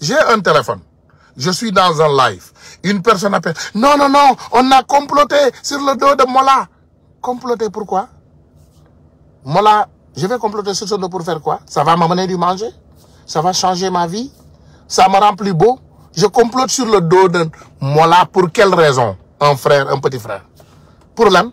j'ai un téléphone je suis dans un live une personne appelle non non non on a comploté sur le dos de Mola comploté pourquoi Mola je vais comploter sur le dos pour faire quoi ça va m'amener du manger ça va changer ma vie ça me rend plus beau je complote sur le dos de Mola pour quelle raison un frère un petit frère pour l'âme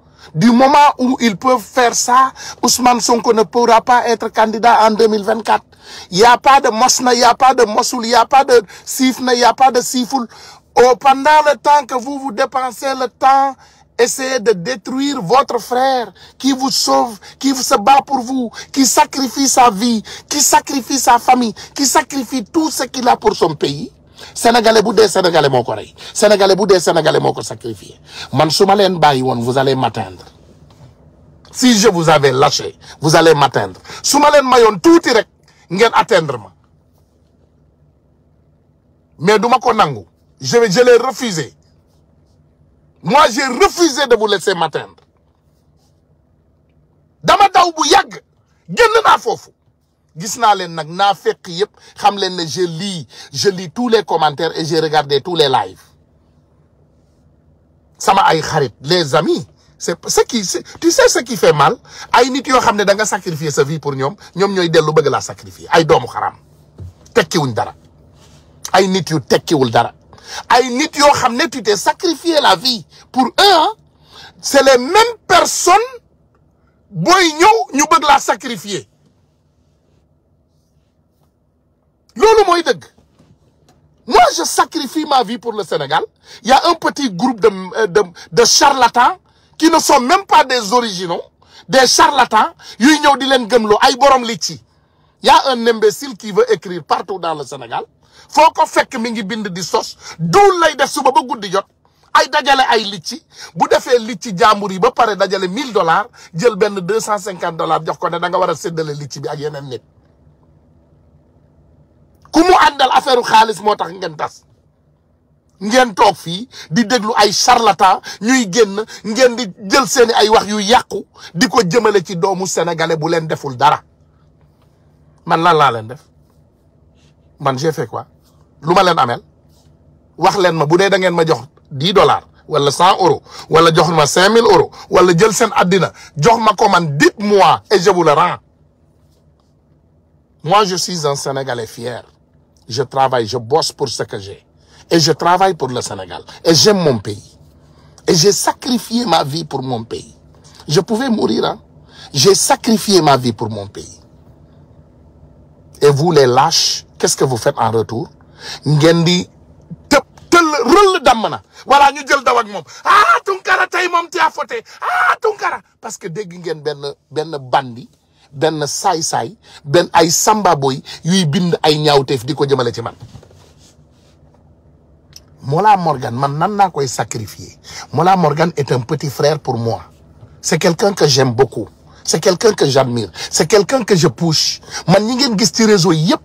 Du moment où ils peuvent faire ça, Ousmane Sonko ne pourra pas être candidat en 2024. Il n'y a pas de Mosna, il n'y a pas de Mossoul, il n'y a pas de Sifne, il n'y a pas de Sifoul. Oh, pendant le temps que vous vous dépensez le temps, essayez de détruire votre frère qui vous sauve, qui se bat pour vous, qui sacrifie sa vie, qui sacrifie sa famille, qui sacrifie tout ce qu'il a pour son pays sénégalais boudés, sénégalais mon corail. sénégalais bu sénégalais mon corps sacrifié man su ma vous allez m'atteindre si je vous avais lâché vous allez m'atteindre Soumalen Mayon tout direct atteindre moi. mais duma ko nangu je vais je l'ai refusé moi j'ai refusé de vous laisser m'atteindre Damata daw yag, je n'ai naa Gisnalen nak na fekk yëpp xam len ne je lis je lis tous les commentaires et j'ai regardé tous les lives sama ay xarit les amis c'est ce qui tu sais ce qui fait mal ay nit yo xamne da nga sacrifier sa vie pour ñom ñom ñoy delu bëgg la sacrifier ay doomu tekki wuñ dara ay nit yu tekkiwul dara ay nit yo xamne tu t'es sacrifié la vie pour eux hein? c'est les mêmes personnes Boy ñew ñu bëgg la sacrifier loolu mooy moi je sacrifie ma vie pour le Sénégal il y a un petit groupe de euh, de de charlatans qui ne sont même pas des originaux des charlatans yuy ñëw di leen gëmloo ay borom li ci y a un imbécile qui veut écrire partout dans le Sénégal Faut qu'on fasse mi ngi bind di sos duul lay def suba ba guddi jot ay dajale ay licci bu defee licci jaambur ba pare dajale 1000 dollars jël ben 250 dollars jox ko né da nga wara a séddale bi ak yenen nit. ku mu àndal affaire xaalis moo tax ngeen tas ngeen toog fii di déglu ay charlatan ñuy génn ngeen di jël seeni ay wax yu yàqu di ko jëmale ci doomu sénégalais bu leen deful dara man lan laa leen def man j'ai fait quoi lu ma leen amel wax leen ma bu dee da ngeen ma jox dix dollars wala cent euro wala jox ma cinq mille euro wala jël seen àddina jox ma ko man dites-moi et je vous le rends moi je suis un je travaille, je bosse pour ce que j'ai. Et je travaille pour le Sénégal. Et j'aime mon pays. Et j'ai sacrifié ma vie pour mon pays. Je pouvais mourir, hein. J'ai sacrifié ma vie pour mon pays. Et vous, les lâches, qu'est-ce que vous faites en retour? Ngendi, Voilà, nous Ah, ah parce que ben ben benn saay-saay ben ay boy yuy bind ay ñaawteef diko ko ci man mola Morgan man nan na koy sacrifier mola Morgan est un petit frère pour moi c'est quelqu'un que j'aime beaucoup c'est quelqu'un que j'admire c'est quelqu'un que je pousse man ñi ngeen gis ci réseau yépp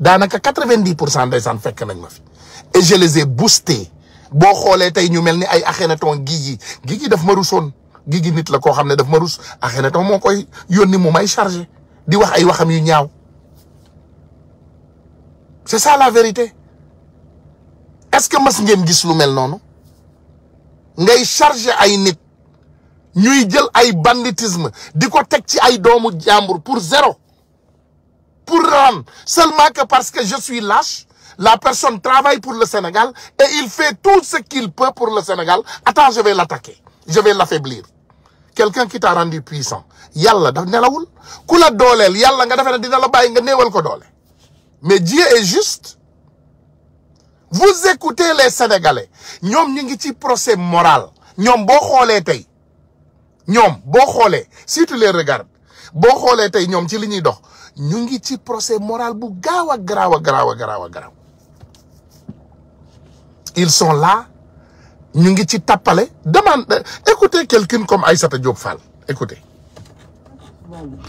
danaka 90% quatre vingt pour fekk nañ ma fi et je les ai boostés bo xolé tay ñu melni ay Akhenaton gii yi daf ma rusoon c'est ça la vérité est-ce que mas ngeen gis lu mel je ngay chargé ay nit ñuy banditisme pour zéro pour rien seulement que parce que je suis lâche la personne travaille pour le Sénégal et il fait tout ce qu'il peut pour le Sénégal attends je vais l'attaquer je vais l'affaiblir quelqu'un qui t'a rendu puissant Yalla, daf nelawul ku la dooleel nga defee dina la bàyyi nga néewal ko dole. mais Dieu est juste vous écoutez les Sénégalais nyom ñu ngi ci procès moral nyom bo xoolee tey ñoom bo xoolee si tu les regardes Bo xoolee tey ñoom ci li ñuy dox ñu ngi ci procès moral bu gawa grawa grawa grawa grawa. a garaaw a ils sont là ñu ngi ci tappale demande écoutez quelqu'un comme Aïssata Diop Fall écoutez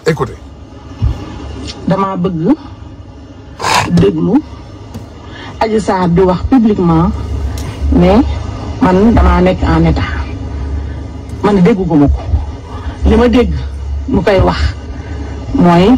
écoutez dama bëgg déglu Adji Sarr wax publiquement mais man damaa nekk en état man dégguma ko li ma dégg mu koy wax mooy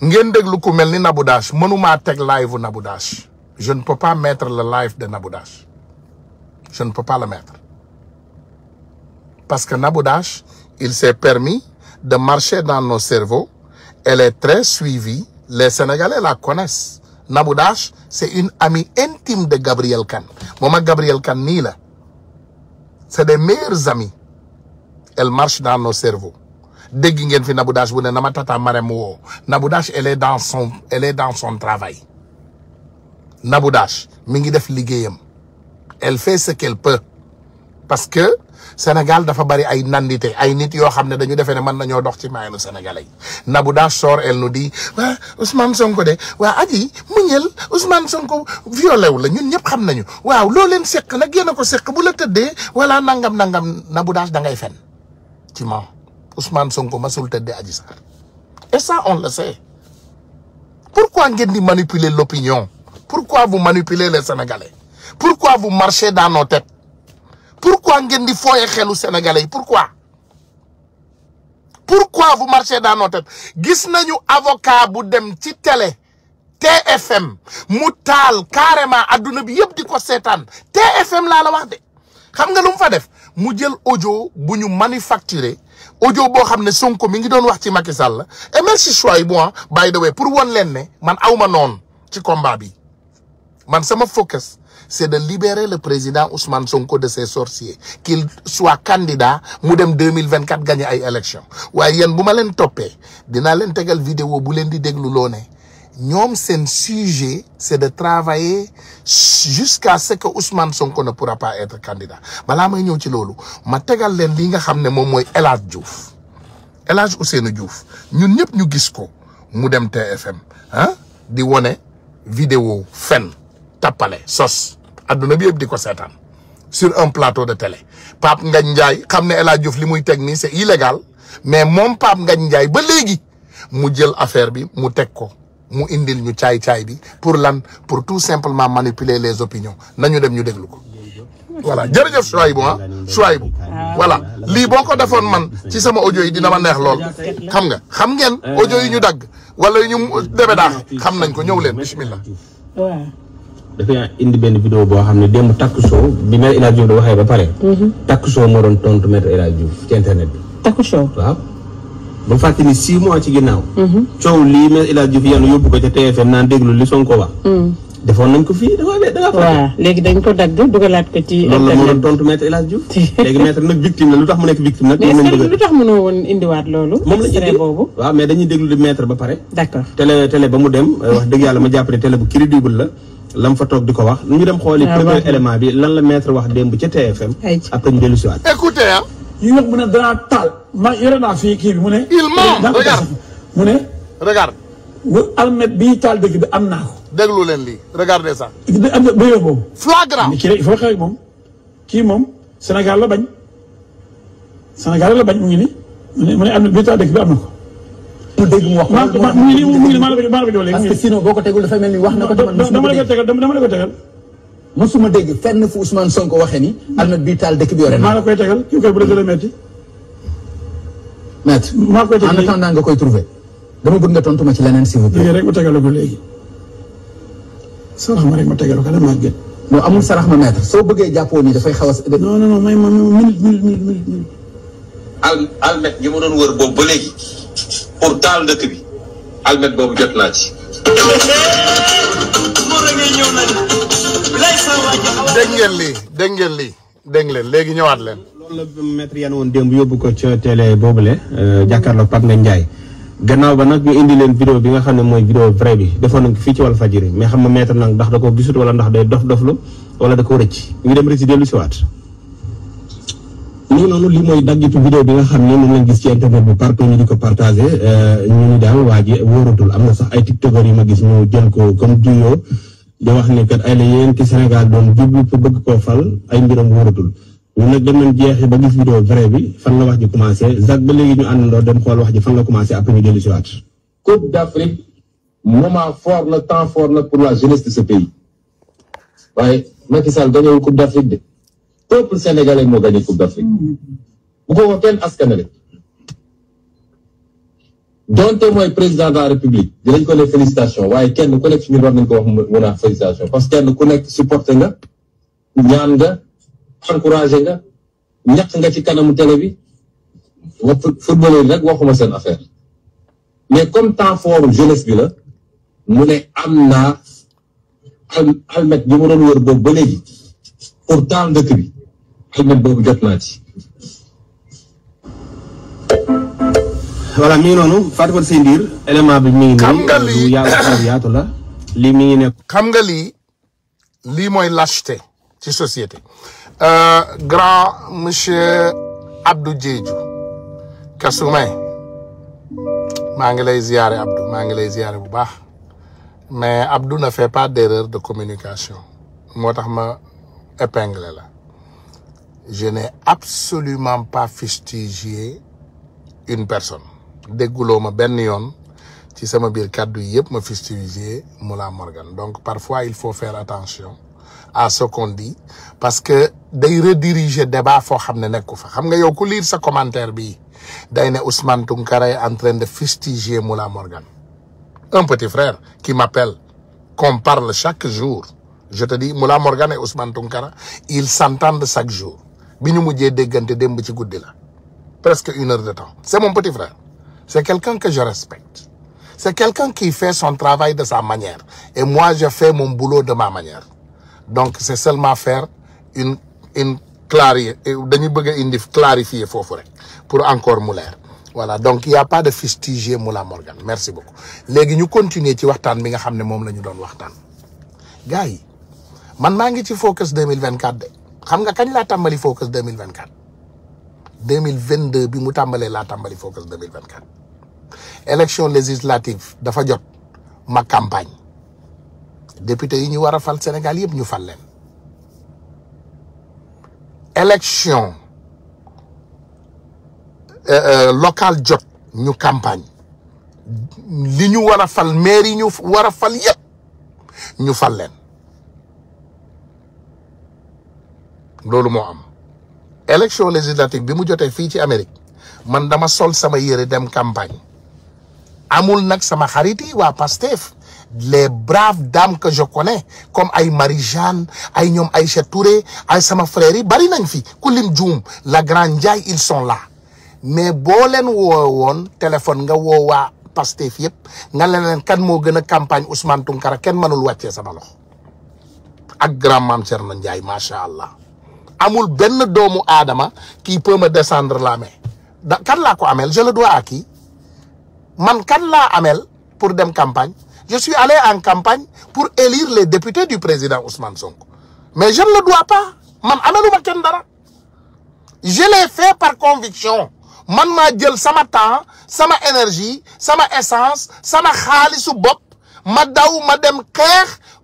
je ne peux pas mettre le live de nabudash je ne peux pas le mettre parce que Naboudash il s'est permis de marcher dans nos cerveaux elle est très suivie les Sénégalais la connaissent nabudash c'est une amie intime de Gabriel Kane Moi, Gabriel Kane ni là. c'est des meilleurs amis elle marche dans nos cerveaux dégg ngeen fi Nabou Dash bu ne na ma tata Marème woo elle est dans son elle est dans son travail Nabou mi ngi def liggéeyam elle fait ce qu'elle peut parce que Sénégal dafa bari ay nandité ay nit yo xamné dañu défé né man naño dox ci maayanu sénégalais yi sort elle nous dit wa Ousmane Sonko dé wa aji muñel Ousmane Sonko violé wu la ñun ñep xam nañu waaw loo leen sék nak yéen a ko bu la tëddee wala nangam nangam Nabou da ngay fen ci moom Ousmane Sonko Massoul de Adji et ça on le sait pourquoi vous di manipuler l'opinion pourquoi vous manipulez les sénégalais pourquoi vous marchez dans nos têtes pourquoi ngeen di fooye xelu sénégalais pourquoi pourquoi vous marchez dans nos têtes gis nañu avocat bu dem ci télé TFM mu Karema, carrément adduna bi TFM laa la wax de xam nga lu mu def jël audio bu ñu manufacturer audio boo xam ne Sonko mi ngi doon wax ci Macky la et merci choix bu ah by the way pour won leen ne man aw ma noonu ci combat bi man sama focus c'est de libérer le président Ousmane Sonko de ses sorciers qu'il soit candidat mu dem deux mille vingt quatre gagné ay élections waaye yéen bu ma leen toppee dinaa leen tegal vidéo bu leen di déglu loo ne ñoom seen sujet c'est de travailler jusqu'à ce que Ousmane Sonko pour pourra pas être candidat balaa may ñëw ci loolu ma tegal leen li nga xam ne moom mooy El Hadj Diouf El Hadj Ousseynou ñun ñëpp ñu gis ko mu dem TFM ah di wone vidéo fen tappale sos adduna bi yëpp di ko seetaan sur un plateau de télé Pape Ngagne Ndiaye xam ne El Hadj li muy teg nii c'est illégal mais moom Pape Ngagne Ndiaye ba léegi mu jël affaire bi mu teg ko mu indil ñu caay-caay bi pour lan pour tout simplement manipuler les opinions nañu dem ñu déglu ko voilà jërëjëf Chouaïbou ah Chouaïbou voilà lii boo ko defoon man ci sama ojo yi dina ma neex lool xam nga xam ngeen audio yi ñu dagg wala yu ñu debe daax xam nañ ko ñëw leen bismillah dafay indi benn vidéo boo xam ne démb takku show bi maître El Hadj da waxee ba pare mhm. takku show moo doon tontu maître El Hadj ci internet bi takku show ba fàttali six mois ci ginnaaw. Mhm. coow lii mais El Hadj Diouf yàlla yóbbu ko ca TFM naan déglu li Sonko wax. Mhm. defoon nañ ko fii dafa dafa. waaw léegi dañ ko dagg dugalaat ko ci. internet loolu la mënoon tontu maître El Hadj Diouf. léegi maître nag victime la lu tax mu nekk victime nag. moom lañ lu tax mënoo woon indiwaat loolu. moom lañ indi boobu. waaw mais dañuy déglu di maître ba pare. d'accord télé télé ba mu dem euh, wax dëgg yàlla ma jàpp ne télé bu crédible la. lam fa toog di ko wax ñu dem xooli ah, premier élément bi lan la maître wax démb ca TFM. après ñu dellu si waat écoutez yi nga mu ne danaa taal ma yore naa fii kii bi mu ne. il ment regarde mu ne. regarde. almet bi taal dëgg bi am naa deglu déglu leen lii regardez ça. dé am na béykat boobu. flagrant kii il faut xew moom. kii moom Sénégal la bañ Sénégal la bañ mu ngi ni mu ne mu bii taal dëgg bi am na mu dégg wax. mu ko tegal dama la tegal. mosuma dégg fenn fu Ousmane Sonko waxee ni. almet bii taal dëkk bi yore na. maa la koy tegal kii koy bu la gën a metti. maître maa en attendant nga koy trouver dama bëgg nga tontu ma ci leneen si vous plaît. léegi rek ma tegalu ko léegi. sarax ma rek ma tegalu ko la maa gën. amul sarax ma maître soo bëggee jàppoo ni dafay xaw a. non non may ma minute minute minute al almet ñi ma doon wër boobu ba léegi pour taal dëkk bi almet boobu jot naa ci. dégg ngeen lii dégg ngeen lii dégg leen léegi ñëwaat leen. loolu la maître yan woon démb yóbbu ko ca télé boobule euh, jàkkaarloog Pape Ngagne Ndiaye gannaaw ba nag ñu indi leen vidéo bi nga xam ne mooy vidéo vrai bi defoon nañ ko fii ci wàllu fajiri mais xam nga maître nag ndax da ko gisut wala ndax day dof doflu wala da ko rëcc ñu dem rëcc dellu si waat. nii noonu lii mooy daggitu vidéo bi nga xam ne moom lañ gis ci internet bi partout ñu di ko partagé euh, ñu ni daal waa ji wóoratul am na sax ay tiktokers yu ma gis ñu jël ko comme duyoo. da wax ne kat ay la yéen ci Sénégal doon jublu pour bëgg koo fal ay mbiram wóoratul ñun nag dem nañ jeexi ba gis vidéo vrai bi fan la wax ji commencé Zak ba léegi ñu àndandoo dem xool wax ji fan la commencé après ñu dellu si waat. Coupe d'Afrique moment fort la temps fort la pour la jeunesse de ce pays waaye Macky Sall gañewul d'Afrique de peuple sénégalais moo gañe Coupe d'Afrique mm-hmm. bu ko wax kenn askan donte mooy président de la république dinañ ko ne félicitation waaye kenn ku nekk ci ñun war nañ ko wax mun a félicitation parce que kenn ku nekk supporté nga ñaan nga encouragé nga ñaq nga ci kanamu télé bi wa footballeur waxuma seen affaire mais comme temps fort jeunesse bi la mu ne am naa almet bi mu doon wër boobu ba léegi pour temps dëkk bi almet boobu jot naa ci voilà mi ngi noonu Fatou seen diir element bi mi ngi. xam nga lii yaatu la li mi ngi nekk. xam nga li li moy lâcheté ci société. euh grand monsieur Abdou Diédhiou Kasumay ma ngi lay ziaré Abdou ma ngi lay ziaré bu baax mais Abdou ne fait pas d'erreur de communication motax ma épinglé la je n'ai absolument pas fustigé une personne. De Goulom, Ben yoon ci sama Morgan donc parfois il faut faire attention à ce qu'on dit parce que de rediriger débat Il faut savoir ce fa xam nga yow lire ce commentaire bi Ousmane Tunkara est en train de fustiger Moula Morgan un petit frère qui m'appelle qu'on parle chaque jour je te dis Moula Morgan et Ousmane Tunkara ils s'entendent chaque jour presque une heure de temps c'est mon petit frère c'est quelqu'un que je respecte. C'est quelqu'un qui fait son travail de sa manière. Et moi, je fais mon boulot de ma manière. Donc, c'est seulement faire une, une clarifier, clarifier pour encore Mouler. Voilà, donc il n'y a pas de fustigé Moula Morgan. Merci beaucoup. Légui, nous continuons ci waxtaan bi nga xamné mom lañu doon waxtaan. Gaay, man ma ngi ci focus 2024 de. Xam nga kañ la tambali focus 2024? 2022, mille bi mu tambalé la tambali focus 2024 élection législative dafa jot ma campagne député yi ñu wara fal Sénégal yépp ñu fal leen élection euh, euh, local jot ñu campagne li ñu wara fal maire yi ñu wara fal yépp ñu fal leen lolu mo am. élection législative bi mu jotee fii ci Amérique man dama sol sama yére dem campagne amul nag sama xarit yi waa Pastef les braves dames que je connais comme ay Marie-Jeanne ay ñoom Aïcha Touré ay sama frères yi bari nañ fi ku lim juum la grande Ndiaye ils sont là mais boo leen woowoon téléphone nga woowaa waa Pastef yëpp nga leen leen kan moo gën a campagne Ousmane Tounkara kenn mënul wàccee sama lox ak grand maam Thierno Ndiaye macha allah. amul ben doomu Adama qui peut me descendre la main amel je le dois à qui man amel pour dem campagne je suis allé en campagne pour élire les députés du président Ousmane Sonko mais je ne le dois pas je l'ai fait par conviction man ma jël sama temps sama énergie sama essence sama ma daw ma dem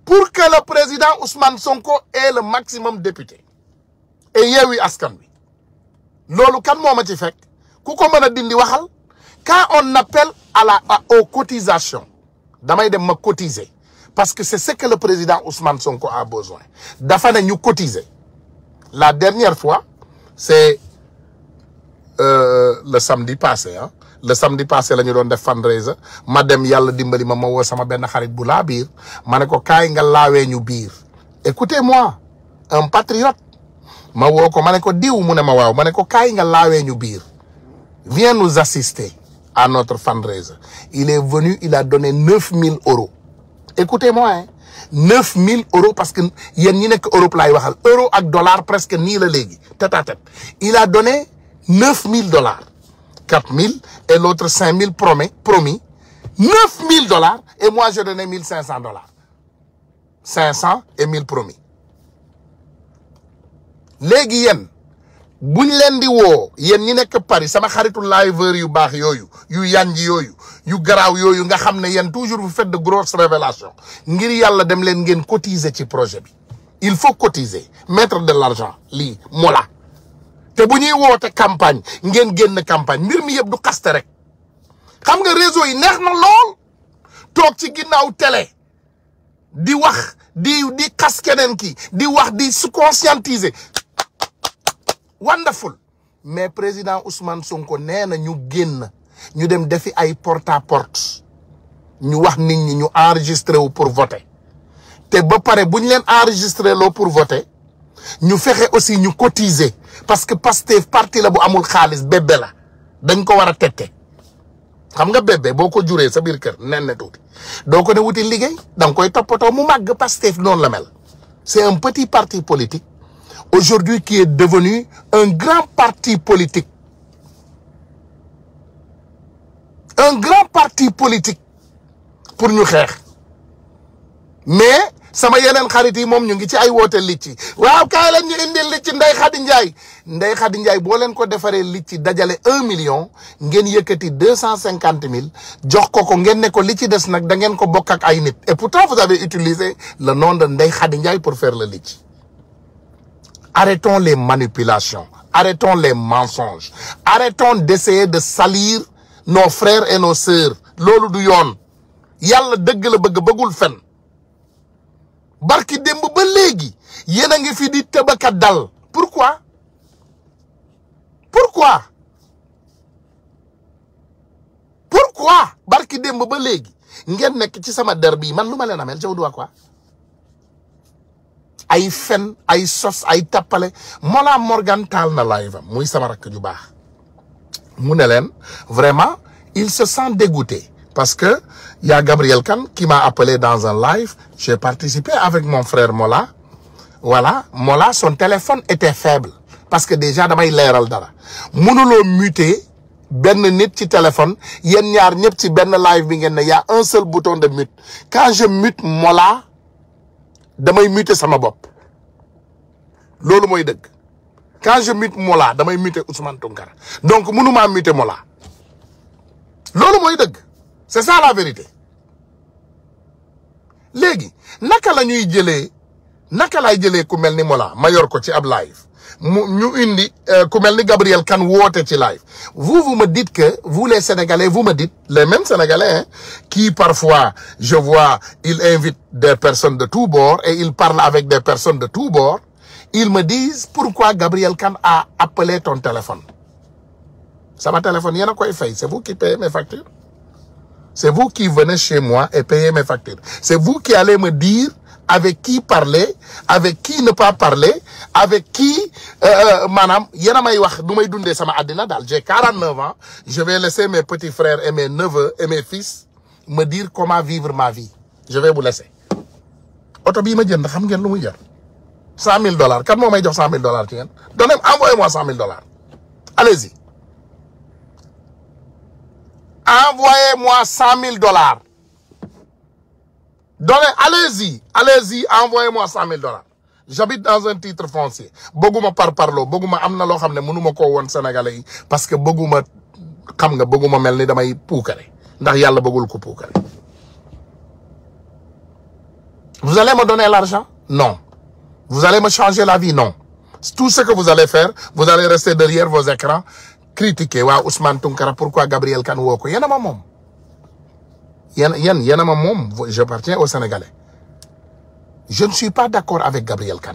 pour que le président Ousmane Sonko ait le maximum députés. Et Askan Wi lolou kan moma je ci fek kuko meuna dindi waxal quand on appelle à la aux cotisations damay dem ma cotiser parce que c'est ce que le président Ousmane Sonko a besoin dafa ne ñu cotiser la dernière fois c'est euh, le samedi passé hein. le samedi passé la avons def fundraiser ma dem yalla dimbali ma ma woo sama ben xarit bu la bir mané ko kay nga la ñu écoutez-moi un patriote ma viens nous assister à notre fundraiser il est venu il a donné 9000 euros écoutez moi hein? 9000 euros parce que yeen a nek euro dollar presque ni le légui à tête. il a donné 9000 dollars 4000 et l'autre 5000 promis promis 9000 dollars et moi j'ai donné 1500 dollars 500 et 1000 promis buñ len di wo yenn ñi Paris sama xaritu liveur yu yu yu nga toujours vous de grosses révélations ngir dem cotiser ci projet il faut cotiser mettre de l'argent li mola te vous campagne ngeen campagne mbir mi yeb du rek xam nga réseau yi neex na ci télé di wax di di ki di wax di conscientiser wonderful mais président Ousmane Sonko nee ñu génn ñu dem défi ay porte à porte ñu wax nit ñi ñu enregistré wu pour voter té ba paré buñ leen enregistré lo pour voter ñu fexé aussi ñu cotiser parce que Pastef parti la bu amul xaliss bébé la dañ ko wara tété xam nga bébé boko juré sa bir kër nen na do ko né wuti liggéey dang koy toppatoo mu mag Pastef non la mel c'est un petit parti politique aujourd'hui qui est devenu un grand parti politique. Un grand parti politique pour nous faire. mais sama m'a xarit yi mom ñu ngi ci ay li waaw ñu leen un million ngeen yëkëti deux jox ko ko da et pourtant vous avez utilisé le nom de Ndeye khadi pour faire le lit. Arrêtons les manipulations, arrêtons les mensonges, arrêtons d'essayer de salir nos frères et nos sœurs Lolo du yon, yalla deug la bëgg bëggul fen barki demb ba légui, yena nga fi di tabaka dal pourquoi pourquoi pourquoi barki demb ba légui, ngeen nek ci sama derby, man luma leen ameel je quoi ay fen ay sos Morgan talna live muy sama vraiment il se sent dégoûté parce que y a Gabriel Kan qui m'a appelé dans un live j'ai participé avec mon frère Mola. voilà Mola, son téléphone était faible parce que déjà damay leral dara là. muter Ben nit ci téléphone y ñaar ñep ci téléphone. live bi y a un seul bouton de mute quand je mute Mola... damay muté sama bopp loolu mooy dëgg quand je mola Mollah damay muté Ousmane Tounkara donc mënumaa muté Mollah loolu mooy dëgg c'est ça la vérité léegi naka la ñuy jëlee naka laay jëlee ku mel ni Mollah mayor ko ci ab live Comme euh, Gabriel vous vous me dites que vous les Sénégalais vous me dites les mêmes Sénégalais hein, qui parfois je vois ils invitent des personnes de tous bords et ils parlent avec des personnes de tous bords ils me disent pourquoi Gabriel Kan a appelé ton téléphone ma téléphone en a il fait? c'est vous qui payez mes factures c'est vous qui venez chez moi et payez mes factures c'est vous qui allez me dire avec qui parler, avec qui ne pas parler, avec qui, euh, euh madame, j'ai 49 ans, je vais laisser mes petits frères et mes neveux et mes fils me dire comment vivre ma vie. Je vais vous laisser. 100 000 dollars, quand moi dire 100 000 dollars, envoyez-moi 100 000 dollars. Allez-y. Envoyez-moi 100 000 dollars. Donnez, allez-y, allez-y, envoyez-moi 100 000 dollars. J'habite dans un titre foncier. Boguma par parlo, boguma amna lo xamne ko won sénégalais parce que boguma xam nga boguma melni damay poukaré ndax yalla ko poukaré. Vous allez me donner l'argent Non. Vous allez me changer la vie Non. Tout ce que vous allez faire, vous allez rester derrière vos écrans, critiquer. Wa Ousmane Tunkara, pourquoi Gabriel Kanouoko? yena ma mom yen yen en a ma j'appartiens aux Sénégalais je ne suis pas d'accord avec Gabriel Khan.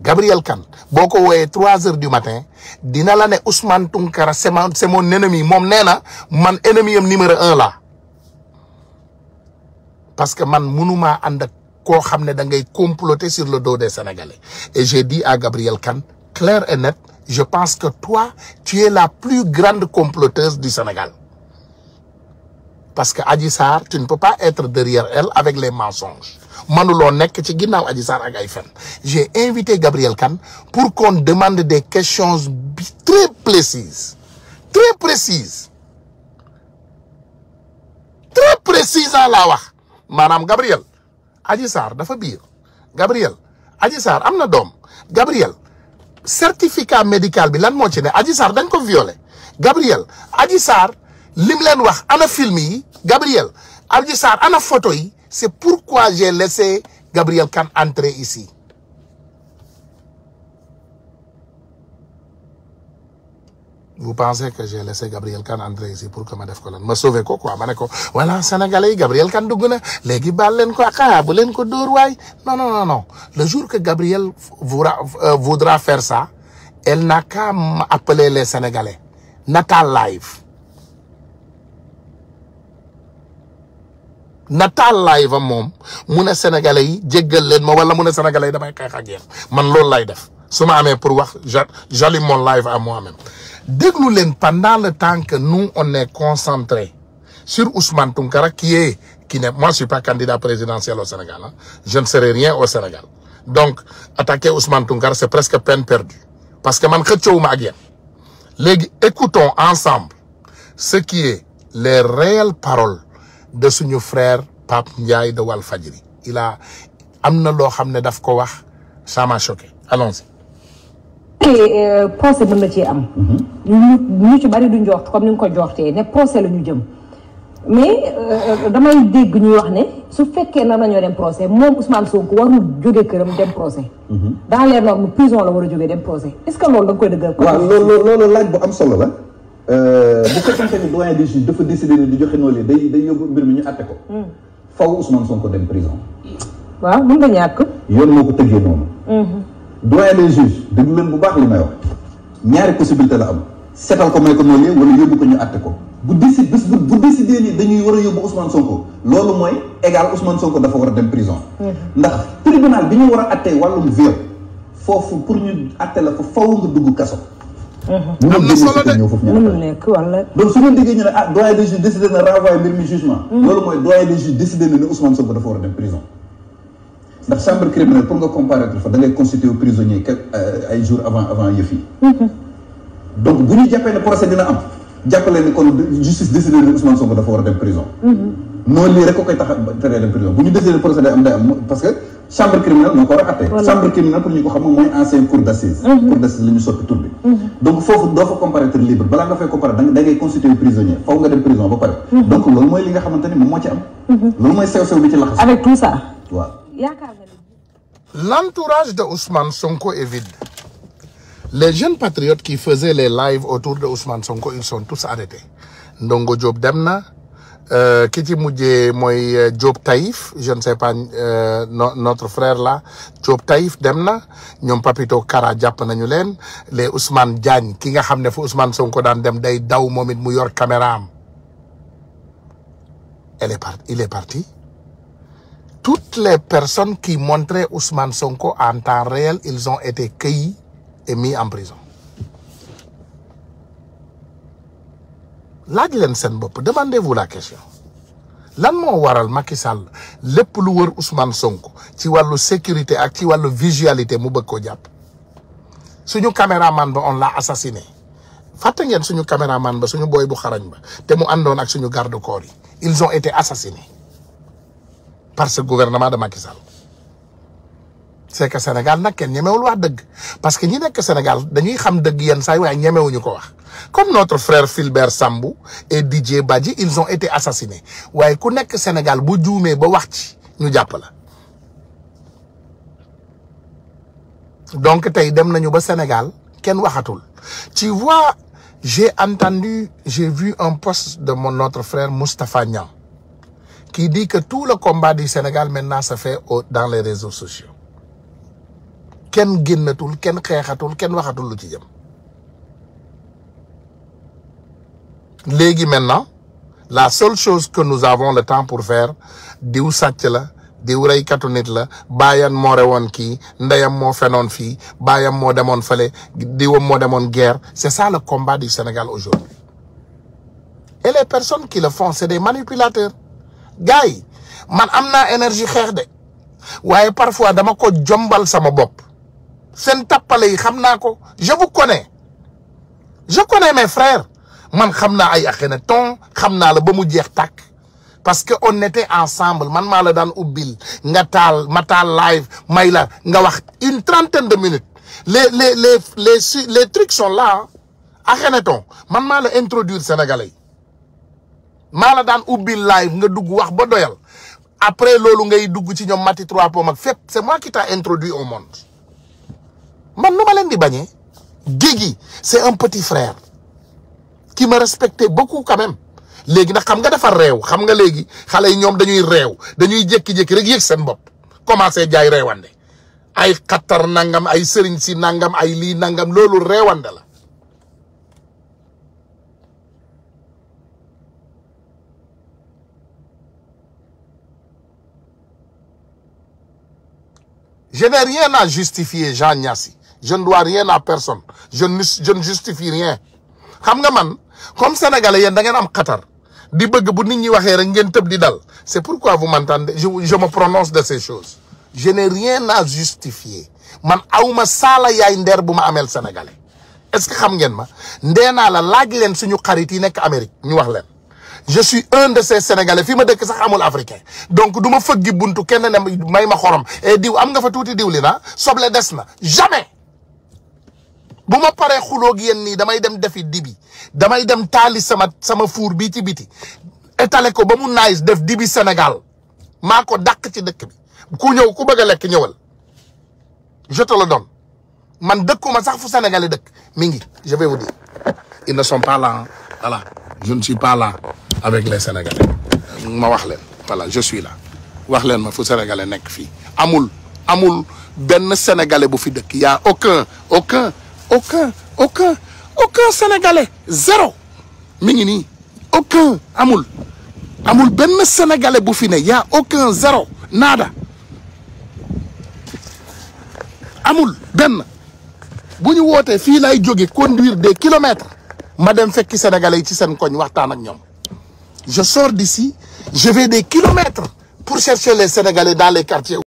Gabriel Khan, beaucoup ko 3 trois heures du matin dina Ousmane Tunkara c'est mon ennemi, mon ennemi mon ennemi numéro un là, parce que mon mënumaa ma ak comploter sur le dos des Sénégalais et j'ai dit à Gabriel Khan, clair et net je pense que toi tu es la plus grande comploteuse du Sénégal parce que Adisar, tu ne peux pas être derrière elle avec les mensonges Nek, Sarr j'ai invité Gabriel Kane pour qu'on demande des questions très précises très précises très précises la wax Madame Gabriel Adisar, Sarr dafa Gabriel Adisar, Sarr dom. Gabriel certificat médical bilan lan Adisar, ci violé Gabriel Adisar lim l'en wax ana film Gabriel Adji ana photo yi c'est pourquoi j'ai laissé Gabriel kan entrer ici vous pensez que j'ai laissé Gabriel Kan entrer ici pour que ma def ko quoi voilà sénégalais Gabriel Kan dugg na a a ko bu non non non non le jour que Gabriel voudra euh, faire ça elle n'a qu'à appeler les sénégalais Natal live natal live à moi, mu ne sénégalais yi jéggal leen ma wala mu sénégalais yi damay kay ak man lool lay def su ma pour wax j'allume mon live à moi-même déglu len pendant le temps que nous on est concentré sur Ousmane Tunkara, qui est qui n'est moi je suis pas candidat présidentiel au Sénégal hein. je ne serai rien au Sénégal donc attaquer Ousmane Tunkara, c'est presque peine perdue parce que man xëccoowuma ak yéen écoutons ensemble ce qui est les réelles paroles de suñu frère Pape Ndiaye de Walfadjri il a am na loo xam ne daf ko wax ça m'a choqué allons-y. te euh, procès mën na cee am. Mm-hmm. ñu ñu ci bari du njort comme ni nga ko jortee ne procès la ñu jëm. mais euh, damay dégg ñuy wax ne su fekkee nar nañoo dem procès moom Ousmane Sonko warul jóge këram dem procès. Mm-hmm. dans les normes prison la war a jógee dem procès est-ce que loolu da nga koy dëggal. waaw loolu loolu laaj bu am solo la. Euh, bu fekkente ni doyen des juges dafa décidé ne di joxe noonu yi day day yóbbu mbir mi ñu àtte ko. Hmm. faw Ousmane Sonko dem prison. waaw mën nga ñàkk. yoon moo ko tëggee noonu. Hmm. doyen des juges déglu leen bu baax li may wax ñaari possibilité la am seetal ko may ko noonu yee wala yóbbu ko ñu àtte ko bu décide bés bu bu décidé ni dañuy war a yóbbu Ousmane Sonko loolu mooy égal Ousmane Sonko dafa war a dem prison. Hmm. ndax tribunal bi ñu war a àttee wàllum viol foofu pour ñu àtte la fa faw nga dugg kaso. Uhum. am ah, na solo de mënul nekk wala donc su ngeen déggee ñu ne ah doyen des juges décidé na renvoyer mbir mi jugement loolu na chambre criminelle pour nga comparaître fa da o prisonnier quelques euh, ay jours avant avant yëf yi mm-hmm. donc bu ñu jàppee ne procès dina am jàppale ni kon justice décidé na Ousmane Sonko dafa war a dem prison mm-hmm. a teree dem prison bu ñu décidé ne procès day parce que chambre criminelle moo ko war chambre criminelle pour ñu ko xam mooy ancienne cour d'assises assise mhm. cour d' assise la ñu soppi mhm. donc il faut fa comparaître libre balaa nga fay comparaître da ngay constituer prisonnier faut nga dem prison ba mhm. donc loolu mooy li nga xamante c'est moom moo ci am loolu mooy sew-sew bi ci avec tout ça l'entourage de Ousmane Sonko est vide les jeunes patriotes qui faisaient les lives autour de Ousmane Sonko ils sont tous arrêtés Ndongo Job Demna, qui euh, ci moi euh, Job Taïf je ne sais pas euh, notre frère là Job Taïf Demna, ñom Papito Kara japp nañu len les Ousmane Diagne qui nga xamné Ousmane Sonko dans dem day daw momit mu yor caméra elle est parti il est parti toutes les personnes qui montraient Ousmane Sonko en temps réel ils ont été cueillis et mis en prison laaj len sen bop demandez-vous la question lan mo waral Macky Sall lepp lu wër Ousmane Sonko ci walu sécurité ak ci walu visualité mu bëgg ko japp suñu caméraman ba on l'a assassiné fatte ngeen suñu caméraman ba suñu boy bu xarañ ba té mu àndoon ak suñu garde corps ils ont été assassinés par ce gouvernement de Macky Sall c'est que Sénégal nak kenn ñemewul wax dëgg parce que ñi nek Sénégal dañuy xam dëgg yeen say way ñemewuñu ko wax. comme notre frère Philbert Sambou et DJ Badji ils ont été assassinés waaye ku le Sénégal bu juumee ba wax ci ñu jàpp donc tey dem nañu ba Sénégal tu vois j'ai entendu j'ai vu un post de mon notre frère Moustapha Nyan qui dit que tout le combat du Sénégal maintenant se fait dans les réseaux sociaux Ken génnatul ken xeexatul ken waxatul lu léegi maintenant la seule chose que nous avons le temps pour faire diou sàcc la ray katou nit la bayam moo rewoon kii ndeyam moo fenoon fii bàyyam moo demoon fële diwam moo guerre c'est ça le combat du Sénégal aujourd'hui et les personnes qui le font c'est des manipulateurs gars man amna énergie xeex de waye parfois dama ko jombal sama bop sen tappale yi xam ko je vous connais je connais mes frères man xamna ay Akhenaton ton xamna la ba mu jeex tak parce que on était ensemble man maa la daan oubil nga tal ma live may la nga wax une trentaine de minutes les les les les les trucs sont là hein. ton man maa la introduire sénégalais yi la daan oubil live nga dugg wax ba doyal après lolu ngay dugg ci ñom mati trois pom ak fépp c'est moi qui t'a introduit au monde man numa len di bañé c'est un petit frère qui me respectait beaucoup quand même Légui nag xam nga dafa rew xam nga légui xalé ñom dañuy rew dañuy jékki-jékki rek yek seen bop commencé jaay réewande ay xattar nangam ay sëriñ si nangam ay li nangam lolu réewande la Je n'ai rien à justifier Jean Niassi je ne dois rien à personne je ne je ne justifie rien xam nga man comme sénégalais yéen da ngeen am Qatar. di bëgg bu nit ñi waxé rek ngeen tëb di dal c'est pourquoi vous m'entendez je je me prononce de ces choses je n'ai rien à justifier man awma sala yaay nder bu ma amel sénégalais est-ce que xam ngeen ma ndee la laaj leen suñu xarit yi nek Amérique ñu wax leen je suis un de ces sénégalais fi ma dëkk sax amul africain donc duma ma fëggi buntu kenn ne may ma xorom et eh diw am nga fa tuuti diw li na ah? soble des na jamais buma paré paree xulóog yéen damay dem defi dibi damay dem tali sama sama four bii ci biti étalé ko ba mu nice def dibi Sénégal mako dak ci dëkk bi ku ñew ku bëgg lek lekk ñëwal je te le donne man dëkkuma sax fu Sénégalais dëkk mi ngi je vais vous dire ils ne sont pas là hein. voilà je ne suis pas là avec les Sénégalais ma wax leen voilà je suis là wax leen ma fu Sénégalais nek fi amul amul ben Sénégalais bu fi il y a aucun aucun aucun aucun aucun sénégalais zéro Mingini, aucun Amoul. amul ben sénégalais bouffiné, il n'y a aucun zéro nada Amoul, ben, vous ñu wootee si lay conduire des kilomètres madame fekki sénégalais sont s'en ak je sors d'ici je vais des kilomètres pour chercher les sénégalais dans les quartiers.